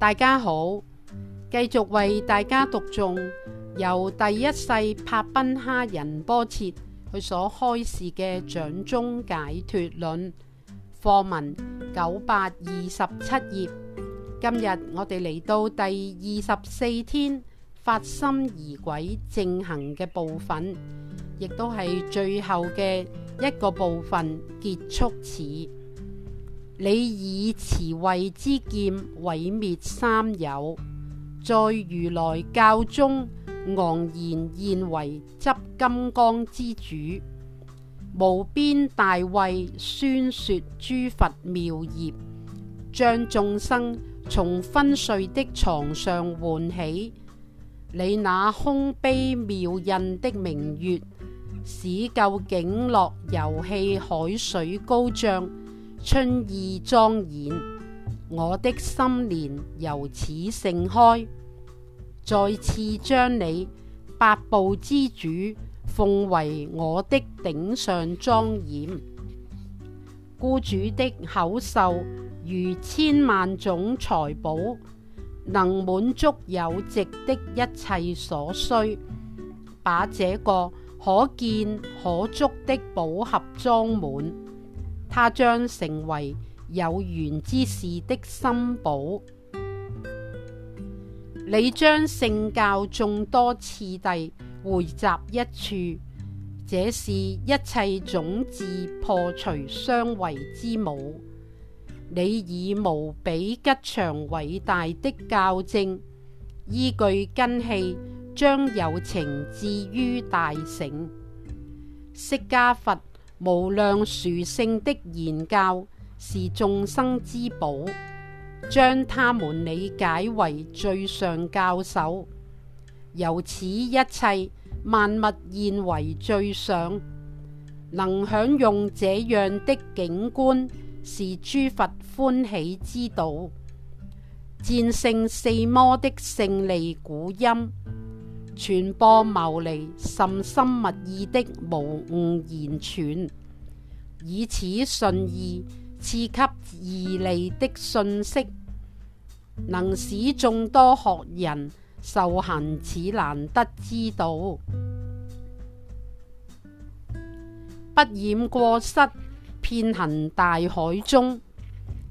大家好，繼續為大家讀誦由第一世帕賓哈仁波切佢所開示嘅《掌中解脫論》課文九百二十七頁。今日我哋嚟到第二十四天發心儀軌正行嘅部分，亦都係最後嘅一個部分結束詞。你以慈慧之劍毀滅三有，在如來教中昂然現為執金剛之主，無邊大慧宣說諸佛妙業，將眾生從昏睡的床上喚起。你那空悲妙印的明月，使究竟樂遊戲海水高漲。春意莊嚴，我的心蓮由此盛開，再次將你百部之主奉為我的頂上莊嚴。怙主的口授如千萬種財寶，能滿足有寂的一切所需，把這個可見可觸的寶盒裝滿。它將成為有緣之士的心寶，你將聖教眾多次第彙集一處，這是一切種智破除相違之舞。你以無比吉祥偉大的教證，依據根器，將有情置於大乘。釋迦佛。無量殊勝的言教是眾生之寶，將他們理解為最上教授，由此一切萬物現為最上，能享用這樣的景觀是諸佛歡喜之道，戰勝四魔的勝利鼓音。傳播牟尼、甚深密意的無誤言詮，以此順易賜給二利的信息，能使眾多學人受行此難得之道，不染過失，遍行大海中，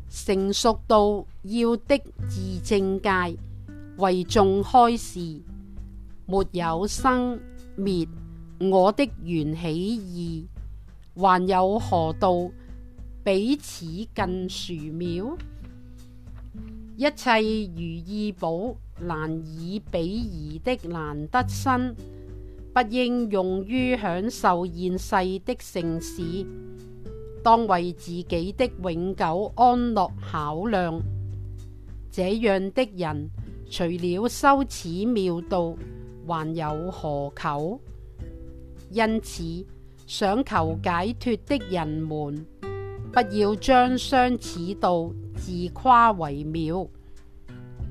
成熟道要的自證界，為眾開示。沒有生滅，我的緣起義，還有何道比此更殊妙？一切如意寶難以比擬的難得身，不應用於享受現世的盛事，當為自己的永久安樂考量。這樣的人除了修此妙道。還有何求？因此，想求解脫的人們，不要將相似道自誇為妙。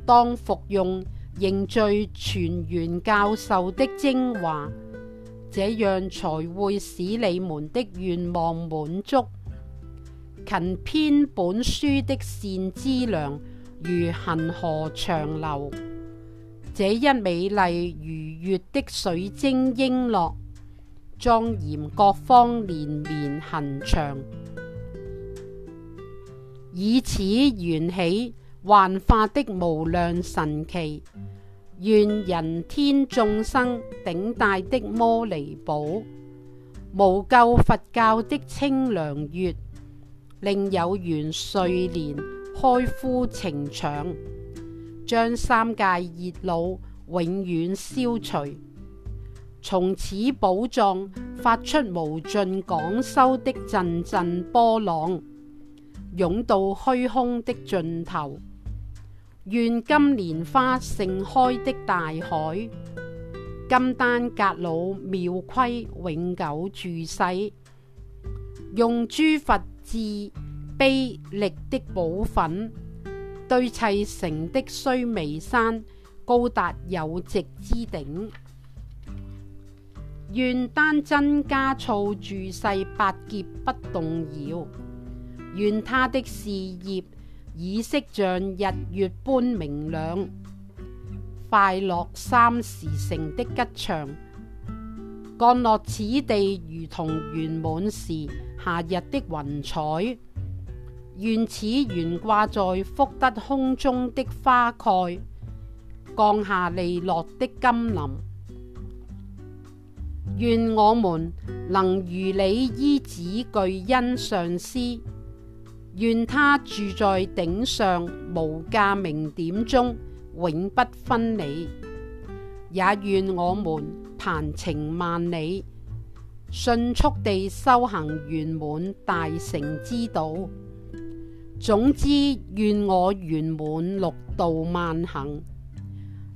當服用凝聚全圓教授的精華，這樣才會使你們的願望滿足。勤編本書的善資糧，如恆河長流。這一美麗如月的水晶瓔珞，莊嚴各方連綿亙長，以此緣起幻化的無量神奇，願人天眾生頂戴的摩尼寶，無垢佛教的清涼月，令有緣睡蓮開敷呈祥。將三界熱惱永遠消除，從此寶藏發出無盡講修的陣陣波浪，湧到虛空的盡頭。願金蓮花盛開的大海，甘丹格魯妙規永久住世，用諸佛智悲力的寶粉。堆砌成的須彌山，高達有寂之頂。願丹增嘉措住世百劫不動搖，願他的事業耳飾像日月般明亮。快樂三時城的吉祥，降落此地如同圓滿時夏日的雲彩。願此懸掛在福德空中的華蓋，降下利樂的甘霖，願我們能如理依止具恩上師，願他住在頂上無價明點中，永不分離。也願我們鵬程萬里，迅速地修行圓滿大乘之道。總之，願我圓滿六度萬行，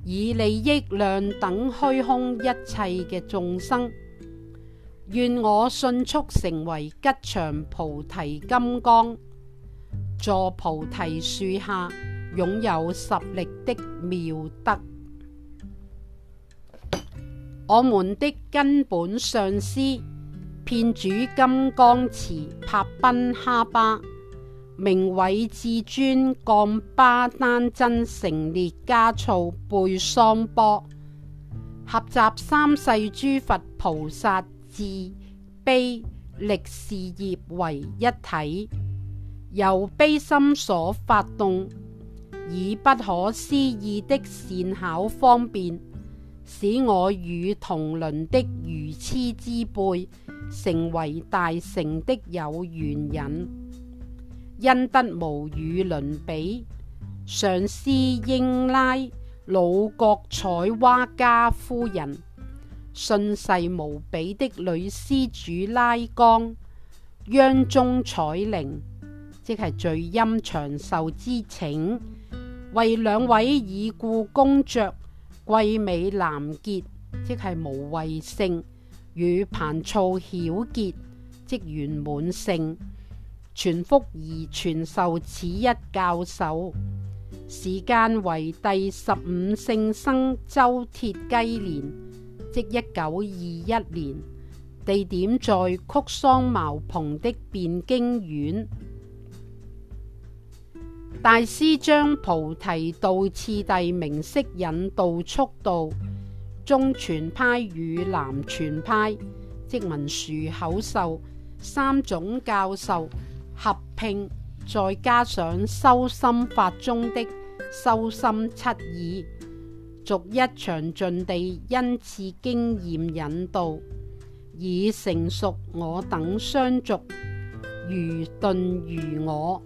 以利益量等虛空一切嘅眾生。願我迅速成為吉祥菩提金剛，坐菩提樹下擁有十力的妙德。我們的根本上師，遍主金剛持帕繃喀巴。名諱至尊，降巴丹增成烈加措貝桑波，合集三世諸佛菩薩智悲力事業為一體，由悲心所發動，以不可思議的善巧方便，使我與同倫的愚痴之輩成為大乘的有緣人。恩德無與倫比，上師應拉魯噶采瓦家夫人，信誓無比的女施主拉江央宗彩玲，即係聚音長壽之請，為兩位已故公爵季美南傑，即係無畏勝與彭措饒傑，即圓滿盛。薦福而傳授此一教授，時間為第十五勝生周鐵雞年，即一九二一年，地點在曲桑茅蓬的辯經院。大師將菩提道次第明晰引導速道，中傳派與南傳派，即文殊口授三種教授。合併，再加上修心法中的修心七義，逐一詳盡地恩賜經驗引導，以成熟我等相續愚鈍如我，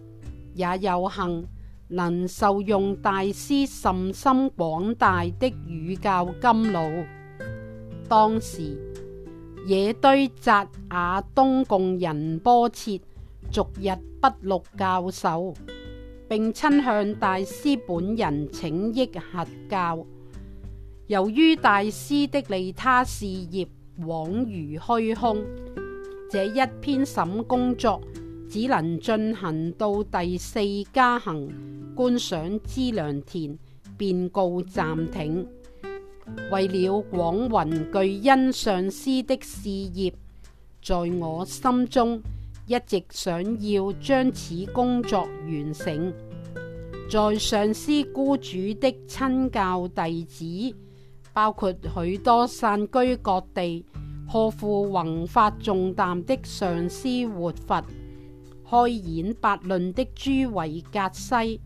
也有幸能受用大師甚深廣大的語教甘露。當時惹堆札雅東貢仁波切。逐日筆錄教授，並親向大師本人請益核校。由於大師的利他事業大如虛空，這一編審工作只能進行到第四加行觀想資糧田，便告暫停。為了廣弘具恩上師的事業，在我心中。一直想要將此工作完成，在上師怙主的親教弟子，包括許多散居各地、荷負弘法重擔的上師活佛，開演百論的諸位格西，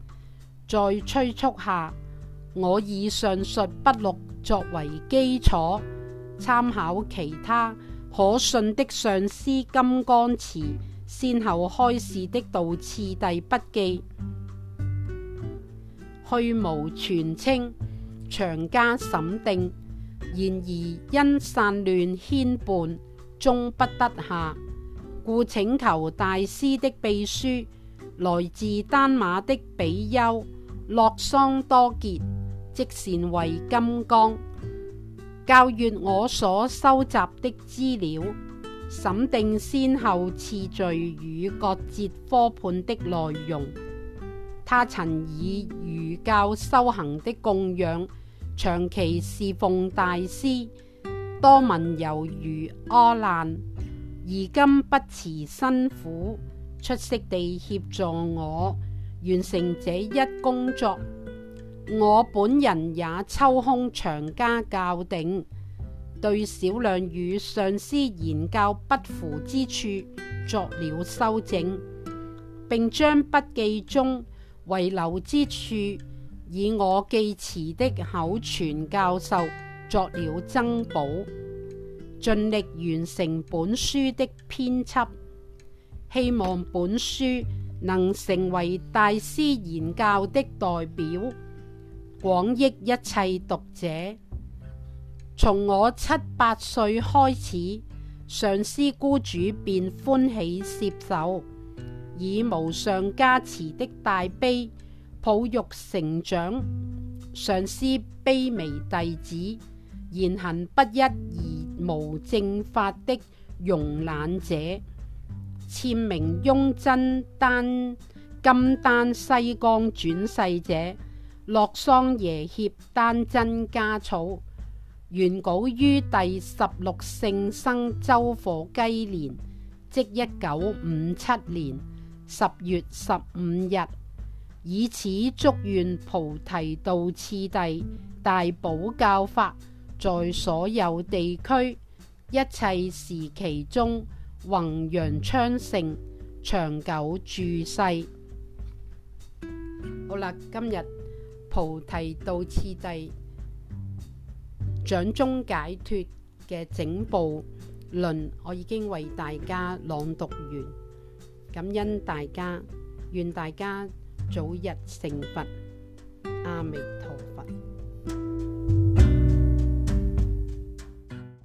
在催促下，我以上述筆錄作為基礎，參考其他可信的上師金剛持。先後開示的道次第筆記，去蕪存菁，詳加審訂。然而因散亂牽絆，終不得暇，故請求大師的秘書，來自丹瑪的比丘洛桑多傑，即善慧金剛，校閱我所收集的資料。審定先後次序與各節科判的內容。他曾以如教修行的供養，長期侍奉大師，多聞猶如阿難，而今不辭辛苦，出色地協助我完成這一工作。我本人也抽空詳加校訂。對少量與上師言教不符之處作了修正，並將筆記中遺留之處以我記詞的口傳教授作了增補，盡力完成本書的編輯，希望本書能成為大師言教的代表，廣益一切讀者。從我七八歲開始，上師怙主便歡喜攝受，以無上加持的大悲哺育成長。上師卑微弟子言行不一而無正法的慵懶者，僭名雍增甘丹墀江轉世者，洛桑耶協丹增嘉措。完稿於第十六勝生周火雞年，即一九五七年十月十五日，以此祝願菩提道次第大寶教法在所有地區、一切時期中弘揚昌盛，長久住世。好啦，今日菩提道次第。掌中解脫嘅整部論，我已經為大家朗讀完。感恩大家，願大家早日成佛。阿明。